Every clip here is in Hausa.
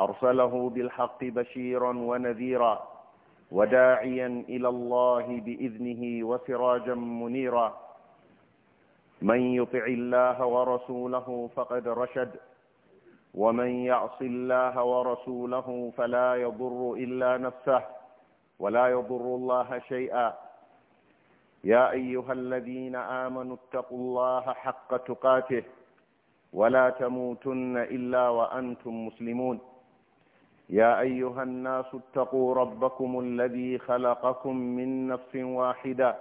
أرسله بالحق بشيرا ونذيرا وداعيا إلى الله بإذنه وسراجا منيرا من يطع الله ورسوله فقد رشد ومن يعص الله ورسوله فلا يضر إلا نفسه ولا يضر الله شيئا يا أيها الذين آمنوا اتقوا الله حق تقاته ولا تموتن إلا وأنتم مسلمون يا ايها الناس اتقوا ربكم الذي خلقكم من نفس واحده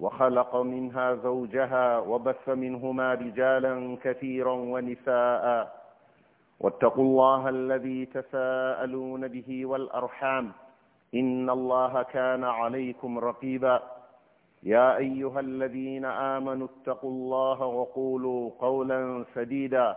وخلق منها زوجها وبث منهما رجالا كثيرا ونساء واتقوا الله الذي تساءلون به والارحام ان الله كان عليكم رقيبا يا ايها الذين امنوا اتقوا الله وقولوا قولا سديدا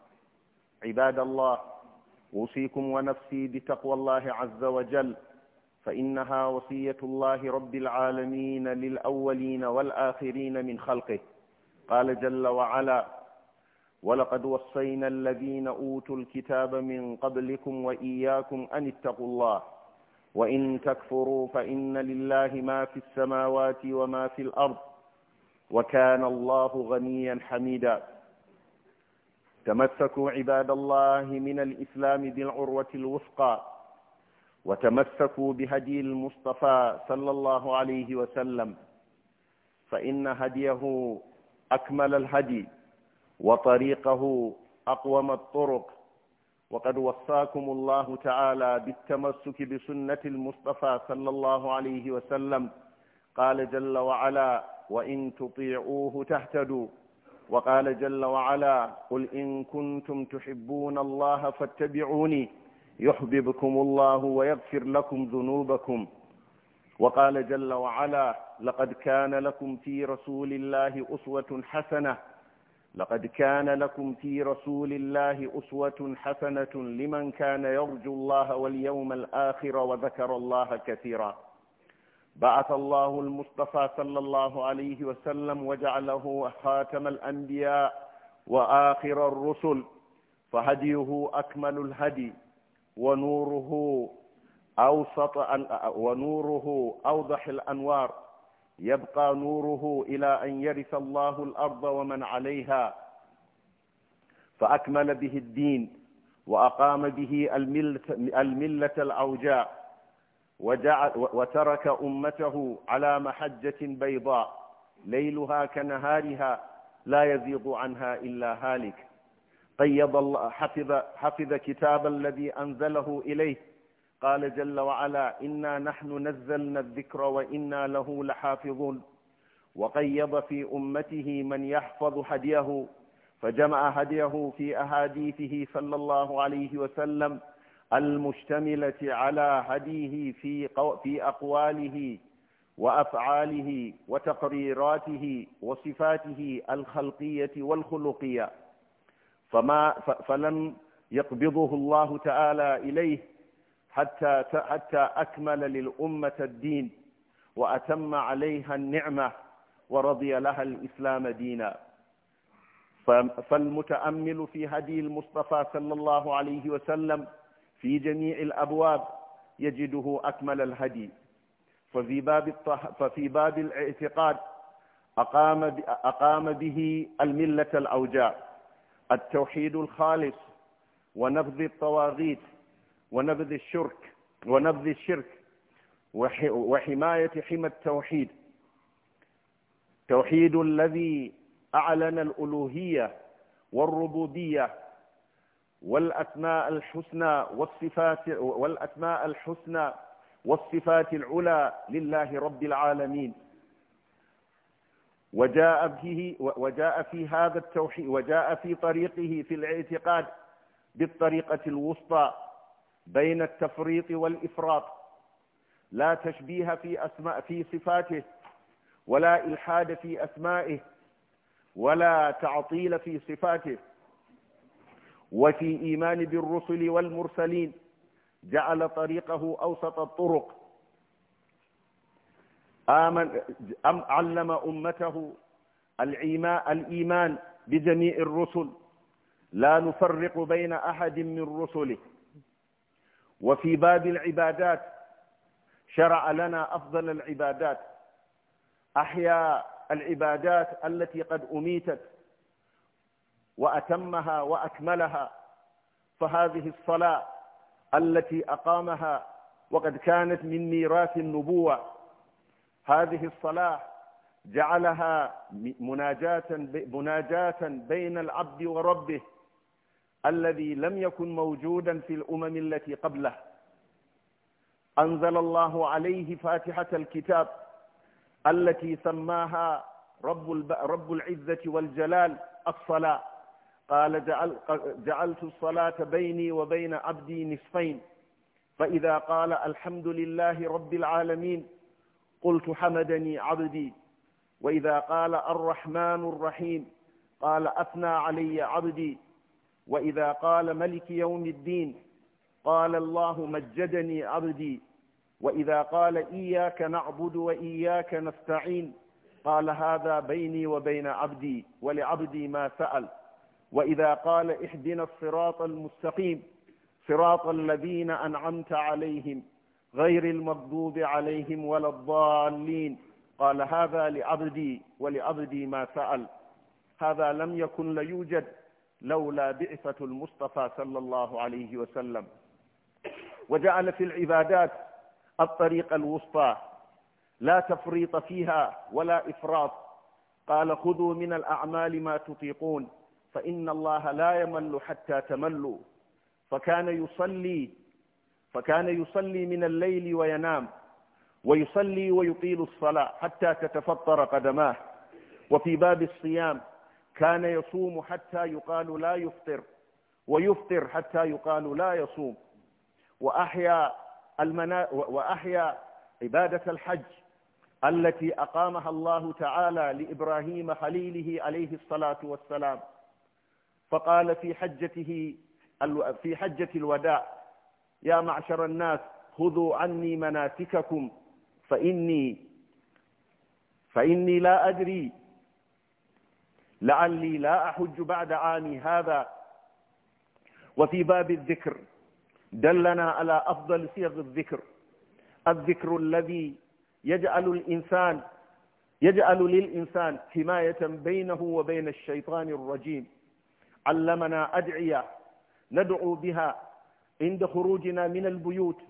عباد الله أوصيكم ونفسي بتقوى الله عز وجل فإنها وصية الله رب العالمين للأولين والآخرين من خلقه قال جل وعلا ولقد وصينا الذين أوتوا الكتاب من قبلكم وإياكم أن اتقوا الله وإن تكفروا فإن لله ما في السماوات وما في الأرض وكان الله غنيا حميدا تمسكوا عباد الله من الإسلام بالعروة الوثقى وتمسكوا بهدي المصطفى صلى الله عليه وسلم فإن هديه أكمل الهدي وطريقه أقوم الطرق وقد وصاكم الله تعالى بالتمسك بسنة المصطفى صلى الله عليه وسلم قال جل وعلا وإن تطيعوه تهتدوا وقال جل وعلا قل إن كنتم تحبون الله فاتبعوني يحببكم الله ويغفر لكم ذنوبكم وقال جل وعلا لقد كان لكم في رسول الله أسوة حسنة لقد كان لكم في رسول الله أسوة حسنة لمن كان يرجو الله واليوم الآخر وذكر الله كثيراً بعث الله المصطفى صلى الله عليه وسلم وجعله خاتم الأنبياء وآخر الرسل فهديه أكمل الهدي ونوره أوسط ونوره أوضح الأنوار يبقى نوره إلى أن يرث الله الأرض ومن عليها فأكمل به الدين وأقام به الملة, الملة العوجاء وجعل وترك أمته على محجة بيضاء ليلها كنهارها لا يزيغ عنها إلا هالك قيض الله حفظ, حفظ كتاب الذي أنزله إليه قال جل وعلا إنا نحن نزلنا الذكر وإنا له لحافظون وقيض في أمته من يحفظ هديه فجمع هديه في أحاديثه صلى الله عليه وسلم المشتملة على هديه في, في أقواله وأفعاله وتقريراته وصفاته الخلقية والخلقية فما فلم يقبضه الله تعالى إليه حتى حتى أكمل للأمة الدين وأتم عليها النعمة ورضي لها الإسلام دينا فالمتأمل في هدي المصطفى صلى الله عليه وسلم في جميع الأبواب يجده أكمل الهدي ففي باب, الطه... ففي باب الاعتقاد أقام, ب... أقام به الملة الأوجاع التوحيد الخالص ونبذ الطواغيت ونبذ الشرك ونبذ الشرك وح... وحماية حمى التوحيد توحيد الذي أعلن الألوهية والربوبية والأسماء الحسنى والصفات والأسماء الحسنى والصفات العلى لله رب العالمين وجاء به وجاء في هذا التوحيد وجاء في طريقه في الاعتقاد بالطريقة الوسطى بين التفريط والإفراط لا تشبيه في أسماء في صفاته ولا إلحاد في أسمائه ولا تعطيل في صفاته وفي إيمان بالرسل والمرسلين جعل طريقه أوسط الطرق آمن أم علم أمته الإيمان بجميع الرسل لا نفرق بين أحد من رسله وفي باب العبادات شرع لنا أفضل العبادات أحيا العبادات التي قد أميتت وأتمها وأكملها فهذه الصلاة التي أقامها وقد كانت من ميراث النبوة هذه الصلاة جعلها مناجاة مناجاة بين العبد وربه الذي لم يكن موجودا في الأمم التي قبله أنزل الله عليه فاتحة الكتاب التي سماها رب, رب العزة والجلال الصلاة قال جعل جعلت الصلاة بيني وبين عبدي نصفين فإذا قال الحمد لله رب العالمين قلت حمدني عبدي وإذا قال الرحمن الرحيم قال أثنى علي عبدي وإذا قال ملك يوم الدين قال الله مجدني عبدي وإذا قال إياك نعبد وإياك نستعين قال هذا بيني وبين عبدي ولعبدي ما سأل وإذا قال اهدنا الصراط المستقيم صراط الذين أنعمت عليهم غير المغضوب عليهم ولا الضالين قال هذا لعبدي ولعبدي ما سأل هذا لم يكن ليوجد لولا بعثة المصطفى صلى الله عليه وسلم وجعل في العبادات الطريق الوسطى لا تفريط فيها ولا إفراط قال خذوا من الأعمال ما تطيقون فإن الله لا يمل حتى تملوا فكان يصلي فكان يصلي من الليل وينام ويصلي ويطيل الصلاة حتى تتفطر قدماه وفي باب الصيام كان يصوم حتى يقال لا يفطر ويفطر حتى يقال لا يصوم وأحيا, المنا... وأحيا عبادة الحج التي أقامها الله تعالى لإبراهيم خليله عليه الصلاة والسلام فقال في حجته في حجة الوداع يا معشر الناس خذوا عني مناسككم فإني فإني لا أدري لعلي لا أحج بعد عامي هذا وفي باب الذكر دلنا على أفضل صيغ الذكر الذكر الذي يجعل الإنسان يجعل للإنسان حماية بينه وبين الشيطان الرجيم علمنا أدعية ندعو بها عند خروجنا من البيوت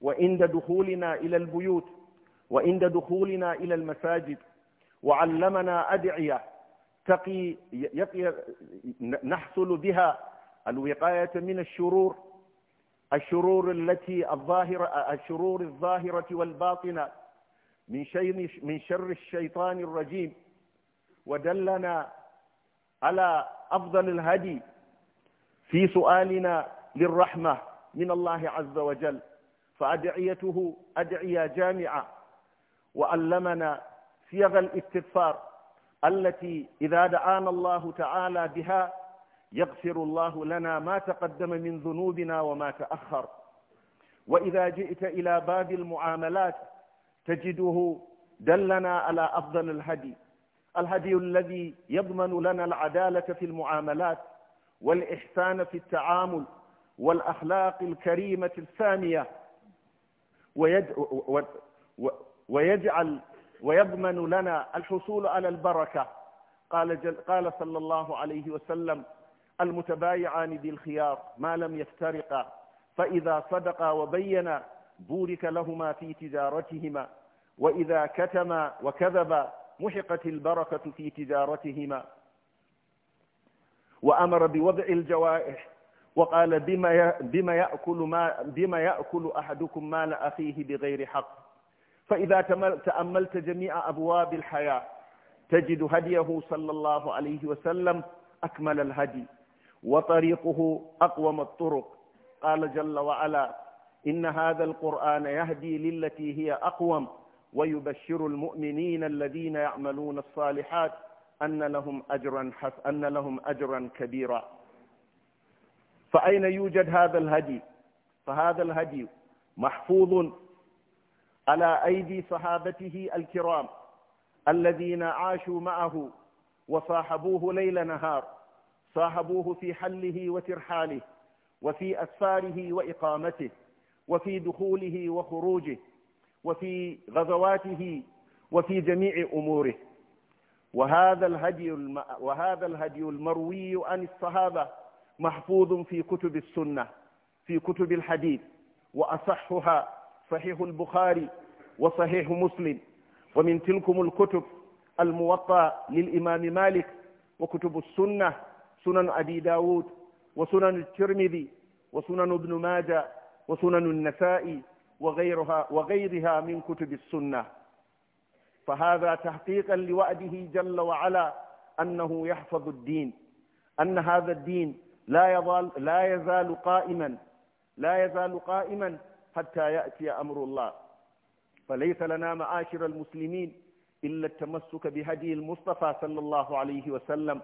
وعند دخولنا إلى البيوت وعند دخولنا إلى المساجد وعلمنا أدعية تقي يقي نحصل بها الوقاية من الشرور الشرور التي الظاهرة الشرور الظاهرة والباطنة من شر من شر الشيطان الرجيم ودلنا على أفضل الهدي في سؤالنا للرحمة من الله عز وجل فأدعيته أدعية جامعة وألمنا صيغ الاستغفار التي إذا دعانا الله تعالى بها يغفر الله لنا ما تقدم من ذنوبنا وما تأخر وإذا جئت إلى باب المعاملات تجده دلنا على أفضل الهدي الهدي الذي يضمن لنا العدالة في المعاملات والإحسان في التعامل والأخلاق الكريمة السامية ويجعل ويضمن لنا الحصول على البركة قال, جل قال صلى الله عليه وسلم المتبايعان بالخيار ما لم يفترقا فإذا صدقا وبينا بورك لهما في تجارتهما وإذا كتما وكذبا محقت البركة في تجارتهما وأمر بوضع الجوائح وقال بما بما يأكل ما بما يأكل أحدكم مال أخيه بغير حق فإذا تأملت جميع أبواب الحياة تجد هديه صلى الله عليه وسلم أكمل الهدي وطريقه أقوم الطرق قال جل وعلا إن هذا القرآن يهدي للتي هي أقوم ويبشر المؤمنين الذين يعملون الصالحات أن لهم أجرا حس أن لهم أجرا كبيرا فأين يوجد هذا الهدي فهذا الهدي محفوظ على أيدي صحابته الكرام الذين عاشوا معه وصاحبوه ليل نهار صاحبوه في حله وترحاله وفي أسفاره وإقامته وفي دخوله وخروجه وفي غزواته وفي جميع أموره وهذا الهدي الم... وهذا الهدي المروي عن الصحابة محفوظ في كتب السنة في كتب الحديث وأصحها صحيح البخاري وصحيح مسلم ومن تلكم الكتب الموطى للإمام مالك وكتب السنة سنن أبي داود وسنن الترمذي وسنن ابن ماجه وسنن النسائي وغيرها, وغيرها من كتب السنة فهذا تحقيقا لوعده جل وعلا أنه يحفظ الدين أن هذا الدين لا يزال, لا يزال قائما لا يزال قائما حتى يأتي أمر الله فليس لنا معاشر المسلمين إلا التمسك بهدي المصطفى صلى الله عليه وسلم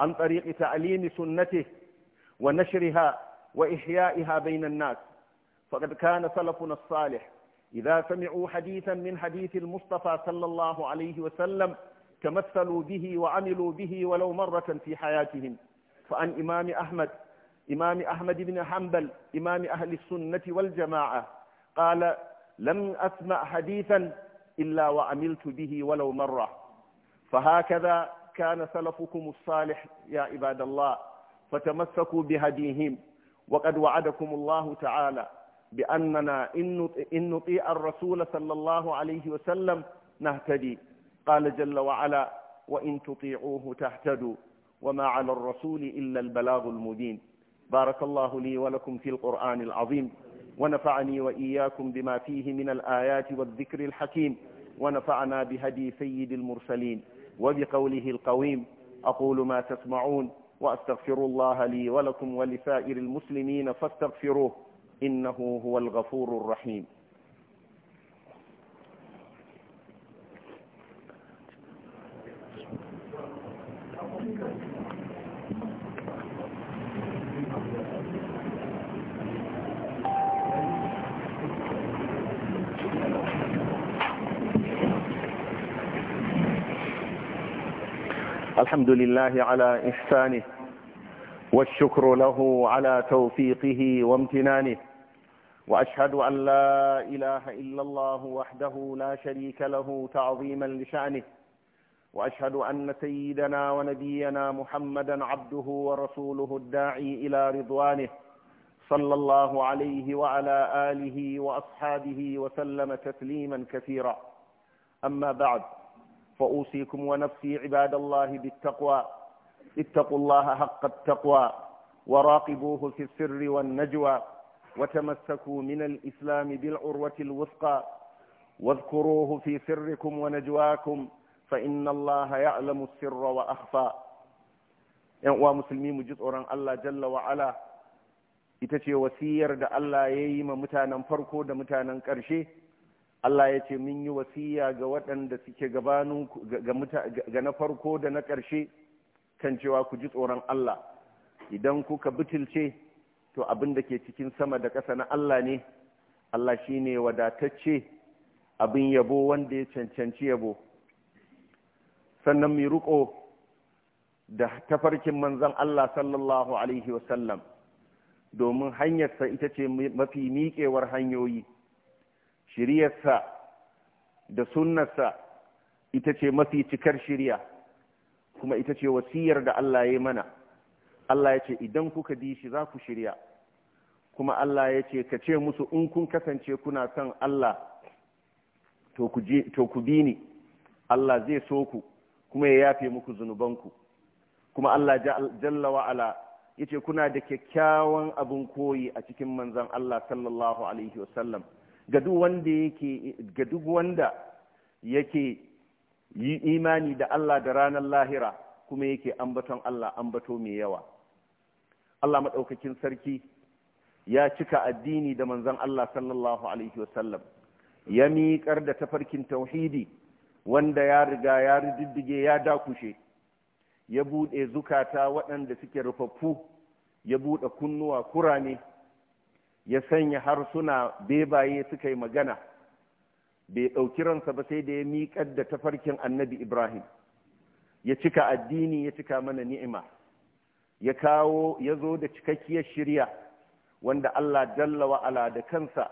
عن طريق تعليم سنته ونشرها وإحيائها بين الناس فقد كان سلفنا الصالح إذا سمعوا حديثا من حديث المصطفى صلى الله عليه وسلم تمثلوا به وعملوا به ولو مرة في حياتهم فعن إمام أحمد إمام أحمد بن حنبل إمام أهل السنة والجماعة قال لم أسمع حديثا إلا وعملت به ولو مرة فهكذا كان سلفكم الصالح يا عباد الله فتمسكوا بهديهم وقد وعدكم الله تعالى بأننا إن نطيع الرسول صلى الله عليه وسلم نهتدي قال جل وعلا وإن تطيعوه تهتدوا وما على الرسول إلا البلاغ المبين بارك الله لي ولكم في القرآن العظيم ونفعني وإياكم بما فيه من الآيات والذكر الحكيم ونفعنا بهدي سيد المرسلين وبقوله القويم أقول ما تسمعون وأستغفر الله لي ولكم ولسائر المسلمين فاستغفروه إنه هو الغفور الرحيم الحمد لله على إحسانه والشكر له على توفيقه وامتنانه وأشهد أن لا إله إلا الله وحده لا شريك له تعظيما لشأنه وأشهد أن سيدنا ونبينا محمدا عبده ورسوله الداعي إلى رضوانه صلى الله عليه وعلى آله وأصحابه وسلم تسليما كثيرا أما بعد فأوصيكم ونفسي عباد الله بالتقوى اتقوا الله حق التقوى وراقبوه في السر والنجوى وتمسكوا من الإسلام بالعروة الوثقى واذكروه في سركم ونجواكم فإن الله يعلم السر وأخفى ومسلمين مجد أوران الله جل وعلا itace wasiyar da Allah ya yi ma mutanen farko da mutanen ƙarshe Allah ya ce mun yi wasiya ga waɗanda suke gabanu ga na farko da na ƙarshe kan cewa ku ji tsoron Allah idan kuka bitilce to abin da ke cikin sama da ƙasa na Allah ne Allah shi ne wadatacce abin yabo wanda ya cancanci yabo sannan mai ruko da tafarkin manzan Allah sallallahu alaihi wasallam domin hanyarsa ita ce mafi miƙewar hanyoyi shiryarsa da sunnarsa ita ce mafi cikar shirya kuma ita ce wasiyar da Allah ya mana Allah ya ce idan kuka bi shi za ku shirya kuma Allah ya ce ka ce musu in kun kasance kuna son Allah to ku bi ni Allah zai so ku kuma ya yafe muku zunubanku kuma Allah jalla wa'ala ya ce kuna da kyakkyawan abin koyi a cikin manzan Allah sallallahu alaihi wasallam ga duk wanda yake ga wanda yake yi imani da Allah da ranar lahira kuma yake ambaton Allah ambato mai yawa Allah maɗaukakin sarki ya cika addini da manzon Allah sallallahu alaihi wasallam ya miƙar da tafarkin tauhidi wanda ya riga ya riddige ya dakushe ya buɗe zukata waɗanda suke rufaffu ya buɗe kunnuwa kurame ya sanya harsuna bebaye suka yi magana bai ɗauki ransa ba sai da ya miƙar da tafarkin annabi ibrahim ya cika addini ya cika mana ni'ima ya kawo ya zo da cikakkiyar shirya wanda Allah jalla wa'ala da kansa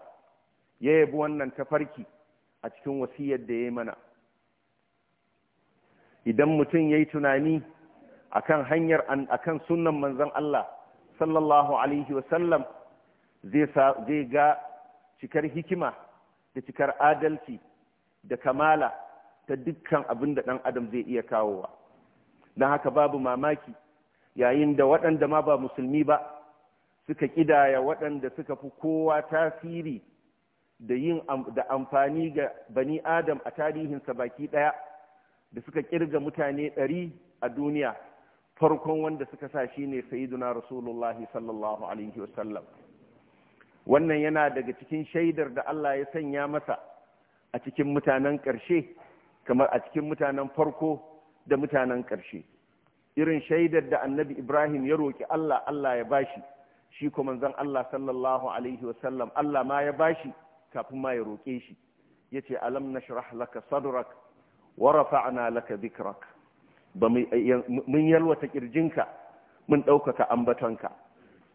ya yabi wannan tafarki a cikin wasiyar da ya yi mana idan mutum ya yi tunani kan hanyar akan sunnan manzon Allah sallallahu alaihi wasallam zai ga cikar hikima da cikar adalci da kamala ta dukkan abin da ɗan adam zai iya kawowa don haka babu mamaki yayin da waɗanda ma ba musulmi ba suka ƙidaya waɗanda suka fi kowa tasiri da yin da amfani ga bani adam a tarihinsa baki ɗaya da suka ƙirga mutane ɗari a duniya farkon wanda suka sa shi ne sayiduna rasulullahi sallallahu alaihi wasallam wannan yana daga cikin shaidar da Allah ya sanya masa a cikin mutanen ƙarshe kamar a cikin mutanen farko da mutanen ƙarshe irin shaidar da annabi ibrahim ya roƙi allah allah ya bashi shi kuma zan allah sallallahu alaihi wasallam allah ma ya bashi kafin ma ya roƙe shi ya ce alam na shirah laka sadurak wa rafa'na laka zikrak mun yalwata kirjinka mun ɗaukaka ambatonka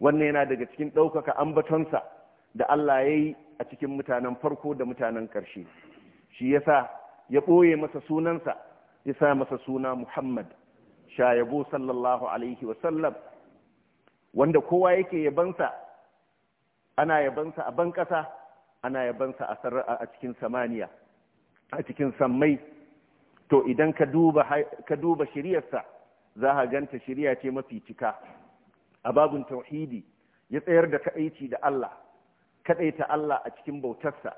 wannan yana daga cikin ɗaukaka ambatonsa da allah ya yi a cikin mutanen farko da mutanen ƙarshe shi yasa ya ɓoye masa sunansa ya sa masa suna muhammad shayabo sallallahu alaihi wasallam wanda kowa yake yabansa ana yabansa a ban ƙasa ana yabansa a cikin samaniya a cikin sammai to idan ka duba sa za a ganta shirya ce mafi cika a babun tauhidi ya tsayar da kaɗaici da Allah kaɗaita Allah a cikin bautarsa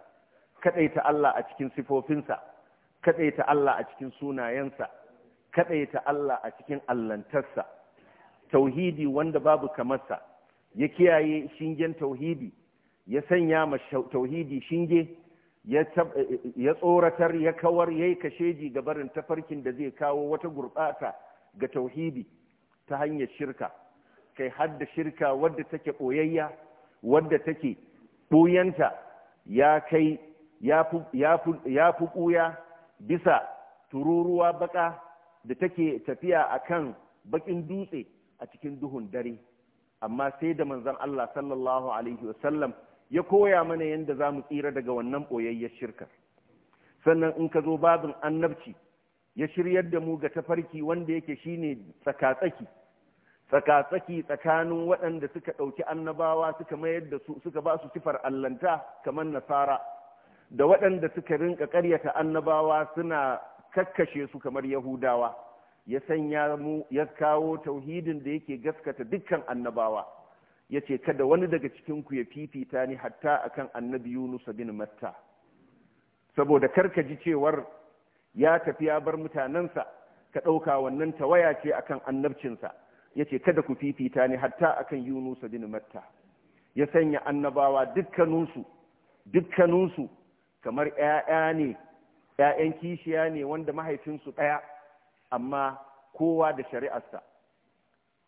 kaɗaita Allah a cikin sifofinsa kaɗaita Allah a cikin sunayensa kaɗaita Allah a cikin allantarsa tauhidi wanda babu kamarsa ya kiyaye shingen tauhidi ya sanya ma tauhidi shinge ya tsoratar ya kawar ya yi kasheji ga barin tafarkin da zai kawo wata gurɓata ga tauhidi ta hanyar shirka kai hadda shirka wadda take ɓoyayya wadda take ɓoyanta ya kai ya fi ɓuya bisa tururuwa baƙa. da take tafiya a kan bakin dutse a cikin duhun dare amma sai da manzon Allah sallallahu alaihi wasallam ya koya mana yadda za mu tsira daga wannan ɓoyayyar shirkar sannan in ka zo babin annabci ya shiryar da mu ga tafarki wanda yake shine tsakatsaki tsakatsaki tsakanin waɗanda suka ɗauki annabawa suka mayar da su suka ba su sifar allanta kamar nasara da waɗanda suka rinka ƙaryata annabawa suna kakkashe su kamar yahudawa ya sanya mu ya kawo tauhidin da yake gaskata dukkan annabawa ya ce kada wani daga cikinku ya fifita ni hatta akan annabi yunus bin matta saboda karka ji cewar ya tafi ya bar mutanensa ka ɗauka wannan tawaya ce akan annabcinsa ya ce kada ku fifita ni hatta akan yunusa bin matta ya sanya annabawa dukkaninsu dukkaninsu kamar 'ya'ya ne 'ya'yan kishiya ne wanda mahaifinsu ɗaya amma kowa da shari'arsa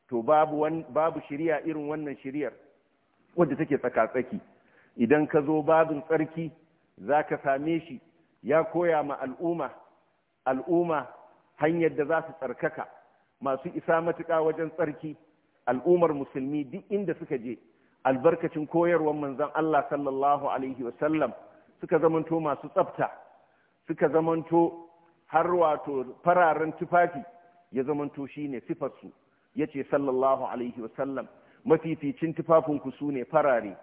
to babu, babu shiriya irin wannan shiriyar wadda take tsaka-tsaki idan ka zo babin tsarki za ka same shi ya koya ma al'umma al'umma hanyar da za su tsarkaka masu isa matuƙa wajen tsarki al'ummar musulmi duk inda suka je albarkacin koyarwar manzon Allah sallallahu alaihi wasallam suka zamanto masu tsafta suka zamanto har wato fararen tufafi ya zamanto shi shine sifarsu ce sallallahu alaihi wasallam mafificin tufafinku su ne farare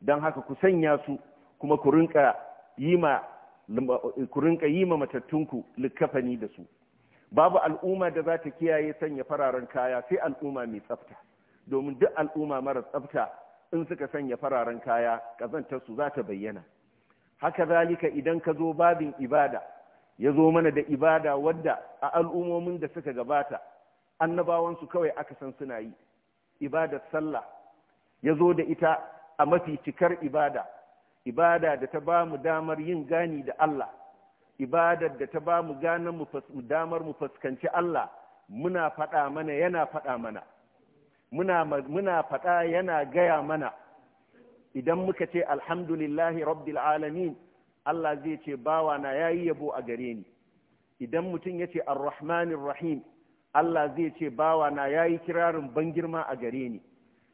don haka ku sanya su kuma ku rinka yi ma matattunku likafani da su babu al'umma da za ta kiyaye sanya fararen kaya sai al'umma mai tsafta domin duk al'umma mara tsafta in suka sanya fararen kaya ƙazantarsu za ta bayyana haka zalika idan ka zo babin ibada ya zo mana da ibada wadda a al'ummomin da suka gabata annabawansu kawai aka san suna yi ibadar sallah ya zo da ita a mafi cikar ibada ibada da ta ba mu damar yin gani da Allah ibadar da ta ba mu ganin damar mu fuskanci Allah muna faɗa mana yana faɗa mana muna faɗa yana gaya mana idan muka ce alhamdulillahi rabbil alamin Allah zai ce bawa na yayi yabo a gare ni idan mutum ya ce arrahmanir rahim Allah zai ce bawa na yayi kirarin ban girma a gare ni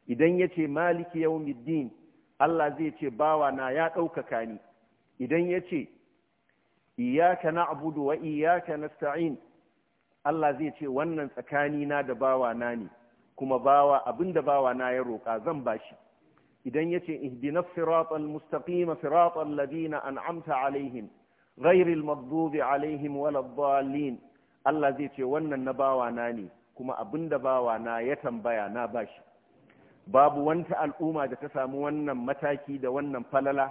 idan ya ce maliki yawmiddin Allah zai ce bawa na ya ɗaukaka ni idan ya ce iyaka na'budu wa iyyaka nasta'in Allah zai ce wannan tsakani na da bawa na ne kuma bawa abinda bawa na ya roƙa zan bashi idan yace ihdina siratal mustaqima siratal ladina an'amta alaihim ghairil maghdubi alaihim waladdallin Allah zai ce wannan na bawa na ne kuma abinda bawa na ya tambaya na bashi babu wanta al'umma da ta samu wannan mataki da wannan falala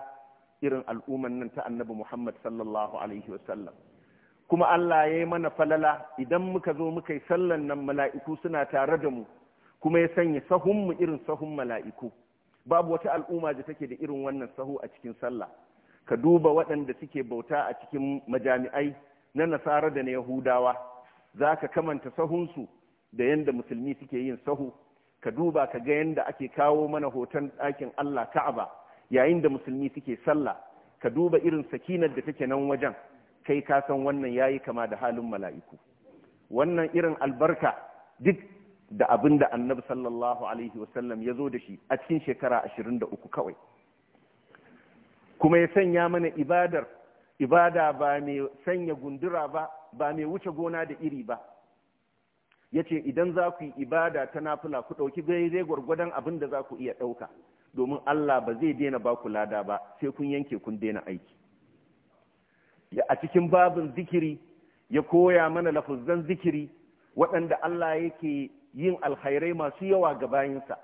irin al'umman nan ta annabi Muhammad sallallahu alaihi wasallam kuma Allah ya yi mana falala idan muka zo muka yi sallan nan mala'iku suna tare da mu kuma ya sanya sahunmu irin sahun mala'iku babu wata al'umma da take da irin wannan sahu a cikin sallah ka duba waɗanda suke bauta a cikin majami'ai na nasara da na yahudawa za ka kamanta sahunsu da yadda musulmi suke yin sahu ka duba ka ga yadda ake kawo mana hoton ɗakin allah ka'aba yayin da musulmi suke sallah ka duba irin sakinar da take nan wajen kai ka san wannan yayi kama da halin mala'iku wannan irin albarka duk da abin da annabi sallallahu alaihi wasallam ya zo da shi a cikin shekara ashirin da uku kawai kuma ya sanya mana ibadar ibada ba mai sanya gundura ba ba mai wuce gona da iri ba ya ce idan za ku yi ibada ta nafula ku ɗauki zai gwargwadon abin da za ku iya ɗauka domin Allah ba zai daina ba ku lada ba sai kun yanke kun daina aiki a cikin babin zikiri ya koya mana lafuzzan zikiri waɗanda Allah yake yin alkhairai masu yawa ga bayansa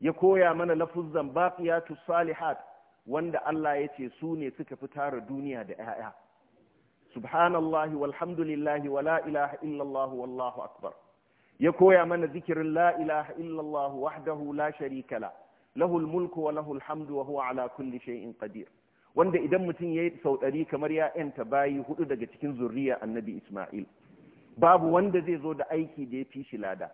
ya koya mana lafuzzan baqiyatu salihat wanda Allah ya ce su ne suka fi tara duniya da 'ya'ya subhanallahi walhamdulillahi wala ilaha illallah wallahu akbar ya koya mana zikirin la ilaha illallah wahdahu la sharika la lahul mulku wa lahul hamdu wa huwa ala kulli shay'in qadir wanda idan mutum yayi sau ɗari kamar ya yanta bayi hudu daga cikin zuriya annabi Isma'il babu wanda zai zo da aiki da ya fi shi lada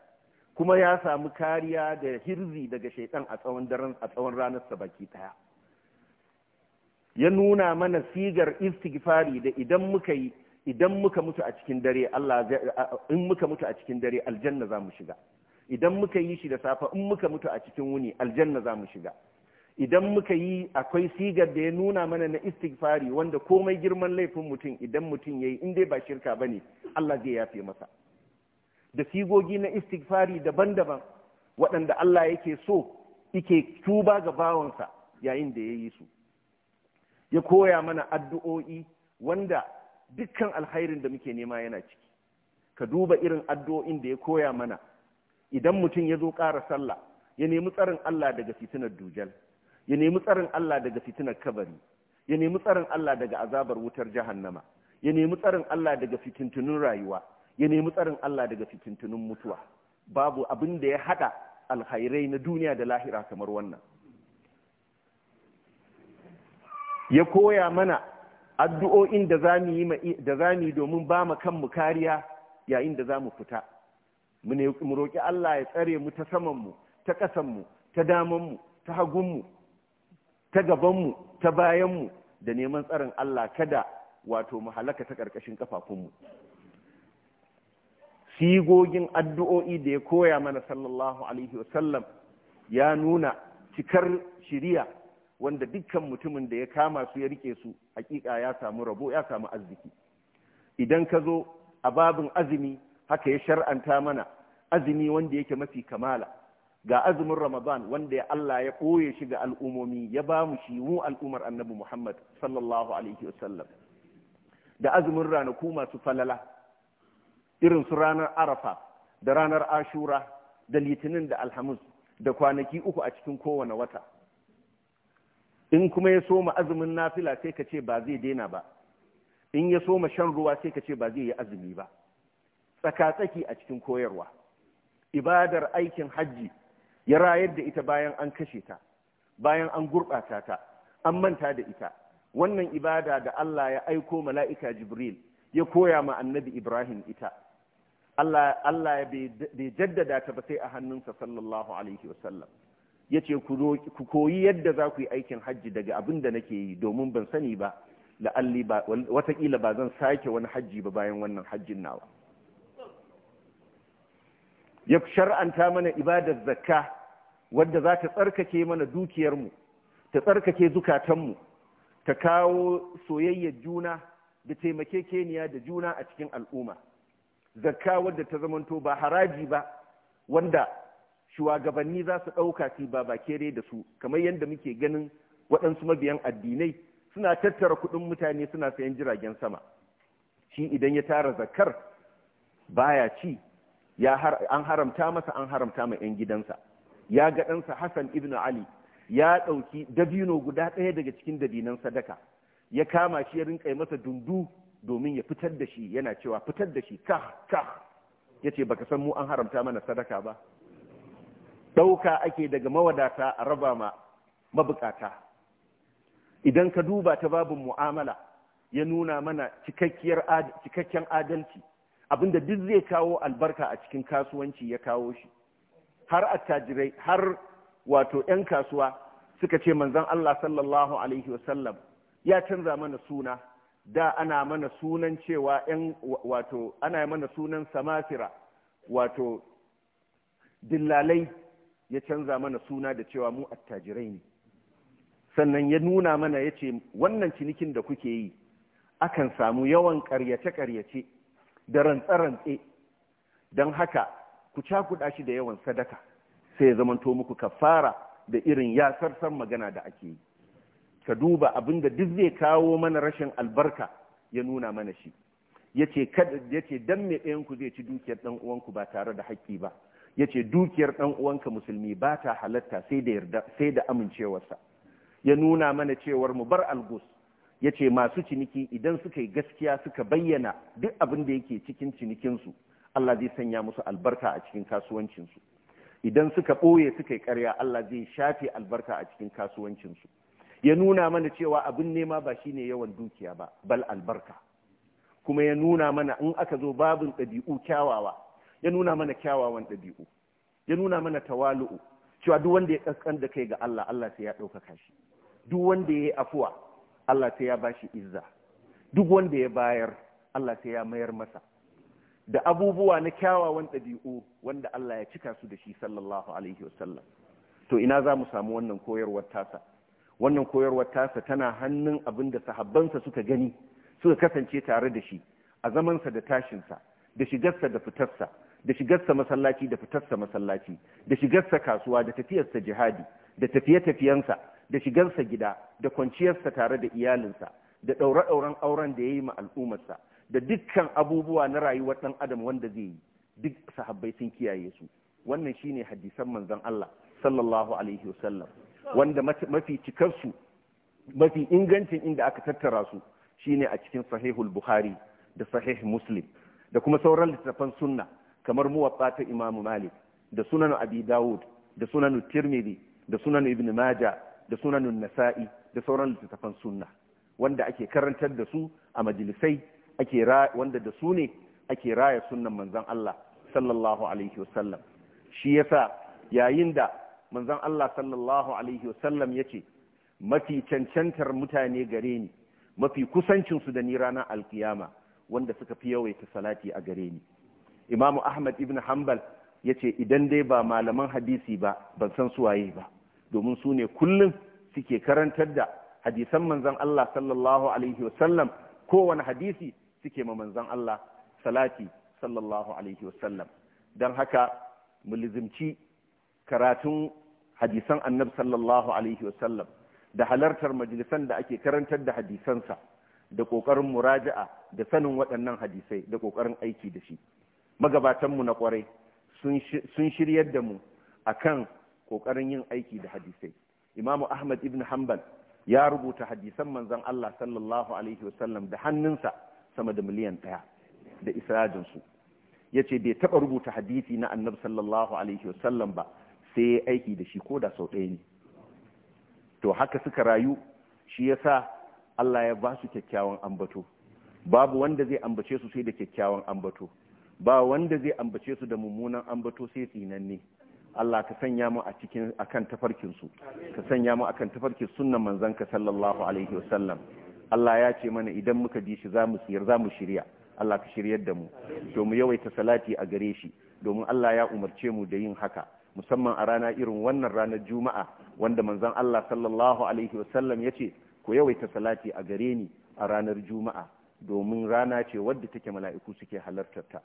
kuma ya samu kariya da hirzi daga shaitan a tsawon daren a tsawon ranar sa baki daya ya nuna mana sigar istighfari da idan muka yi idan muka mutu a cikin dare Allah in muka mutu a cikin dare aljanna za mu shiga idan muka yi shi da safa in muka mutu a cikin wuni aljanna za mu shiga idan muka yi akwai sigar da ya nuna mana na istighfari wanda komai girman laifin mutum idan mutum ya yi in ba shirka ba ne Allah zai yafe masa da sigogi na istighfari daban-daban waɗanda Allah yake so yake tuba ga bawansa yayin da ya yi su ya koya mana addu'o'i wanda dukkan alhairin da muke nema yana ciki ka duba irin addu'o'in da ya koya mana idan mutum ya zo ƙara sallah ya nemi tsarin Allah daga fitinar dujal ya nemi tsarin Allah daga fitinar kabari ya nemi tsarin Allah daga azabar wutar jahannama ya nemi tsarin Allah daga fitintunin rayuwa ya nemi tsarin Allah daga fitintunin mutuwa babu abin da ya haɗa alkhairai na duniya da lahira kamar wannan ya koya mana addu'o'in da za mu yi domin ba mu kanmu kariya yayin da za mu fita mu roƙi Allah ya tsare mu ta samanmu ta ƙasanmu ta damanmu ta hagunmu ta gabanmu ta bayanmu da neman tsarin Allah kada wato mu halaka ta ƙarƙashin ƙafafunmu sigogin addu'o'i da ya koya mana sallallahu alaihi wasallam ya nuna cikar shiriya wanda dukkan mutumin da ya kama su ya rike su hakika ya samu rabo ya samu arziki idan ka zo a babin azumi haka ya shar'anta mana azumi wanda yake mafi kamala ga azumin ramadan wanda ya Allah ya ɓoye shi ga al'umomi ya ba mu shi mu al'ummar annabi muhammad sallallahu alaihi wasallam da azumin ranaku masu falala irin su ranar arafa da ranar ashura da litinin da alhamis da kwanaki uku a cikin kowane wata in kuma ya soma azumin nafila sai ka ce ba zai daina ba in ya soma shan ruwa sai ka ce ba zai yi azumi ba tsaka-tsaki a cikin koyarwa ibadar aikin hajji ya rayar da ita bayan an kashe ta bayan an gurɓata ta an manta da ita wannan ibada da Allah ya aiko mala'ika Jibril ya koya ma annabi Ibrahim ita Allah ya bai jaddada ta ba sai a hannunsa sallallahu alaihi wasallam ya ce ku koyi yadda za ku yi aikin hajji daga abin da nake yi domin ban sani ba la'alli ba watakila ba zan sake wani hajji ba bayan wannan hajjin nawa ya shar'anta mana ibadar zakka wadda za ta tsarkake mana dukiyarmu ta tsarkake zukatanmu ta kawo soyayyar juna da taimake keniya da juna a cikin al'umma zakka wadda ta zamanto ba haraji ba wanda shugabanni za su ɗauka su ba ba kere da su kamar yadda muke ganin waɗansu mabiyan addinai suna tattara kuɗin mutane suna sayan jiragen sama shi idan ya tara zakkar baya ci ya an haramta masa an haramta ma 'yan gidansa ya ga ɗansa hassan ibn ali ya ɗauki dabino guda ɗaya daga cikin dabinan sadaka ya kama shi ya rinƙa masa dundu domin ya fitar da shi yana cewa fitar da shi kah kah ya ce baka san mu an haramta mana sadaka ba ɗauka ake daga mawadata a raba ma mabukata idan ka duba ta babin mu'amala ya nuna mana cikakken adalci abinda duk zai kawo albarka a cikin kasuwanci ya kawo shi har attajirai har wato 'yan kasuwa suka ce manzon Allah sallallahu alaihi wasallam ya canza mana suna da ana mana sunan cewa 'yan wato ana mana sunan samafira wato dillalai ya canza mana suna da cewa mu attajirai ne sannan ya nuna mana ya ce wannan cinikin da kuke yi akan samu yawan ƙaryace karyace da rantse-rantse don haka ku cakuɗa shi da yawan sadaka sai ya zamanto muku kafara da irin yasarsan magana da ake yi ka duba abin da duk zai kawo mana rashin albarka ya nuna mana shi ya ce don me ɗayanku zai ci dukiyar ɗan uwanku ba tare da haƙƙi ba ya ce dukiyar ɗan uwanka musulmi ba ta halatta sai da amincewarsa ya nuna mana cewar mu bar algus ya ce masu ciniki idan suka yi gaskiya suka bayyana duk abin da yake cikin cinikinsu Allah zai sanya musu albarka a cikin kasuwancinsu idan suka ɓoye suka yi ƙarya Allah zai shafe albarka a cikin kasuwancinsu ya nuna mana cewa abin nema ba shine yawan dukiya ba bal albarka kuma ya nuna mana in aka zo babin ɗabi'u kyawawa ya nuna mana kyawawan ɗabi'u ya nuna mana tawalu'u cewa duk wanda ya ƙasƙan da kai ga Allah Allah sai ya ɗaukaka shi duk wanda ya yi afuwa Allah sai ya shi izza duk wanda ya bayar Allah sai ya mayar masa da abubuwa na kyawawan ɗabi'u wanda Allah ya cika su da shi sallallahu alaihi wasallam to ina za mu samu wannan koyarwar tasa wannan koyarwar tasa tana hannun abin da sahabbansa suka gani suka kasance tare da shi a zamansa da tashinsa da shigarsa da fitarsa da shigarsa masallaci da fitarsa masallaci da shigarsa kasuwa da tafiyarsa jihadi da tafiye-tafiyensa da shigarsa gida da kwanciyarsa tare da iyalinsa da ɗaure-ɗauren auren da ya yi ma al'ummarsa da dukkan abubuwa na rayuwar ɗan adam wanda zai yi duk sahabbai sun kiyaye su wannan shine hadisan manzon Allah sallallahu alaihi wasallam wanda mafi cikarsu mafi ingancin inda aka tattara su shine a cikin sahihul bukhari da sahih muslim da kuma sauran littattafan sunna kamar muwatta ta imam malik da sunan abi dawud da sunan tirmidhi da sunan ibn majah da sunanun nasa'i da sauran littattafan sunna wanda ake karantar da su a majalisai ake wanda da su ne ake raya sunnan manzon Allah sallallahu alaihi wasallam shi yasa yayin da manzon Allah sallallahu alaihi wasallam yace mafi cancantar mutane gare ni mafi kusancin su da ni ranar alkiyama wanda suka fi yawaita salati a gare ni imamu ahmad ibn hanbal yace idan dai ba malaman hadisi ba ban san su waye ba domin su ne kullum suke karantar da hadisan manzon Allah sallallahu alaihi wasallam kowane hadisi suke ma manzon Allah salati sallallahu alaihi wasallam don haka mulzimci karatun hadisan annabi sallallahu alaihi wasallam da halartar majalisan da ake karantar da hadisansa da ƙoƙarin muraja'a da sanin waɗannan hadisai da ƙoƙarin aiki da shi magabatanmu na ƙwarai sun shiryar da mu akan kokarin yin aiki da hadisai imamu ahmad ibn hanbal ya rubuta hadisan manzon Allah sallallahu alaihi wasallam da hannunsa sama da miliyan ɗaya da israjin su yace bai taɓa rubuta hadisi na annab sallallahu alaihi wasallam ba sai ya aiki da shi ko da sau ɗaya ne to haka suka rayu shi yasa Allah ya ba su kyakkyawan ambato babu wanda zai ambace su sai da kyakkyawan ambato ba wanda zai ambace su da mummunan ambato sai tsinanne Allah ka sanya mu a cikin akan tafarkin su ka sanya mu akan tafarkin sunnan manzanka sallallahu alaihi wasallam Allah ya ce mana idan muka bi shi za mu siyar za mu shirya Allah ka shiryar da mu to mu yawaita salati a gare shi domin Allah ya umarce mu da yin haka musamman a rana irin wannan ranar juma'a wanda manzon Allah sallallahu alaihi wasallam ya ce ku yawaita salati a gare ni a ranar juma'a domin rana ce wadda take mala'iku suke halartar ta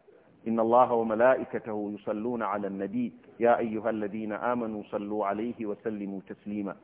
إن الله وملائكته يصلون على النبي يا أيها الذين آمنوا صلوا عليه وسلموا تسليما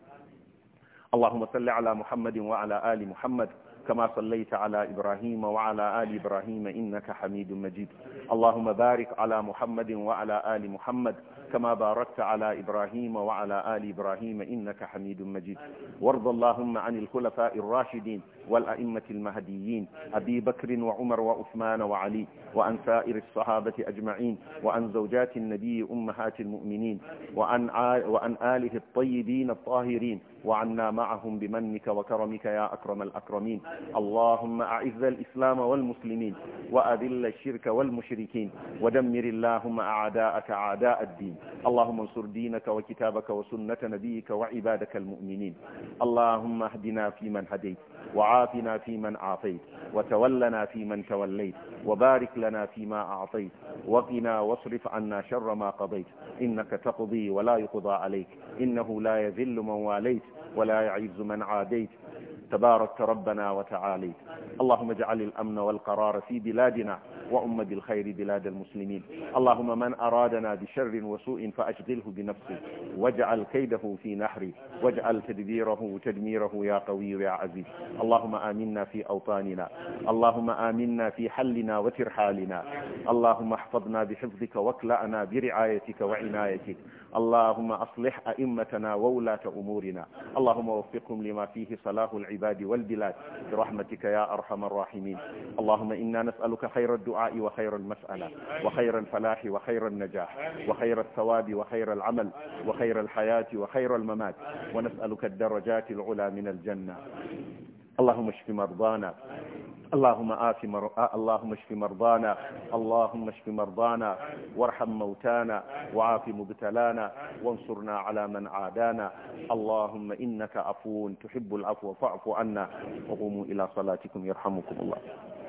اللهم صل على محمد وعلى آل محمد كما صليت على إبراهيم وعلى آل إبراهيم إنك حميد مجيد اللهم بارك على محمد وعلى آل محمد كما باركت على إبراهيم وعلى آل إبراهيم إنك حميد مجيد وارض اللهم عن الخلفاء الراشدين والأئمة المهديين أبي بكر وعمر وعثمان وعلي وعن سائر الصحابة أجمعين وعن زوجات النبي أمهات المؤمنين وعن, وعن آله الطيبين الطاهرين وعنا معهم بمنك وكرمك يا أكرم الأكرمين اللهم أعز الإسلام والمسلمين وأذل الشرك والمشركين ودمر اللهم أعداءك أعداء الدين اللهم انصر دينك وكتابك وسنة نبيك وعبادك المؤمنين اللهم اهدنا فيمن هديت وعافنا فيمن عافيت وتولنا فيمن توليت وبارك لنا فيما أعطيت وقنا واصرف عنا شر ما قضيت إنك تقضي ولا يقضى عليك إنه لا يذل من واليت ولا يعز من عاديت تبارك ربنا وتعالي اللهم اجعل الأمن والقرار في بلادنا وأمة بالخير بلاد المسلمين اللهم من أرادنا بشر وسوء فأشغله بنفسه واجعل كيده في نحره واجعل تدبيره تدميره يا قوي يا عزيز اللهم آمنا في أوطاننا اللهم آمنا في حلنا وترحالنا اللهم احفظنا بحفظك واكلأنا برعايتك وعنايتك اللهم أصلح أئمتنا وولاة أمورنا اللهم وفقهم لما فيه صلاح العباد والبلاد برحمتك يا أرحم الراحمين اللهم إنا نسألك خير الدعاء الدعاء وخير المسألة وخير الفلاح وخير النجاح وخير الثواب وخير العمل وخير الحياة وخير الممات ونسألك الدرجات العلى من الجنة اللهم اشف مرضانا اللهم آف مر... اللهم اشف مرضانا اللهم اشف مرضانا وارحم موتانا وعاف مبتلانا وانصرنا على من عادانا اللهم إنك عفو تحب العفو فاعف عنا وقوموا إلى صلاتكم يرحمكم الله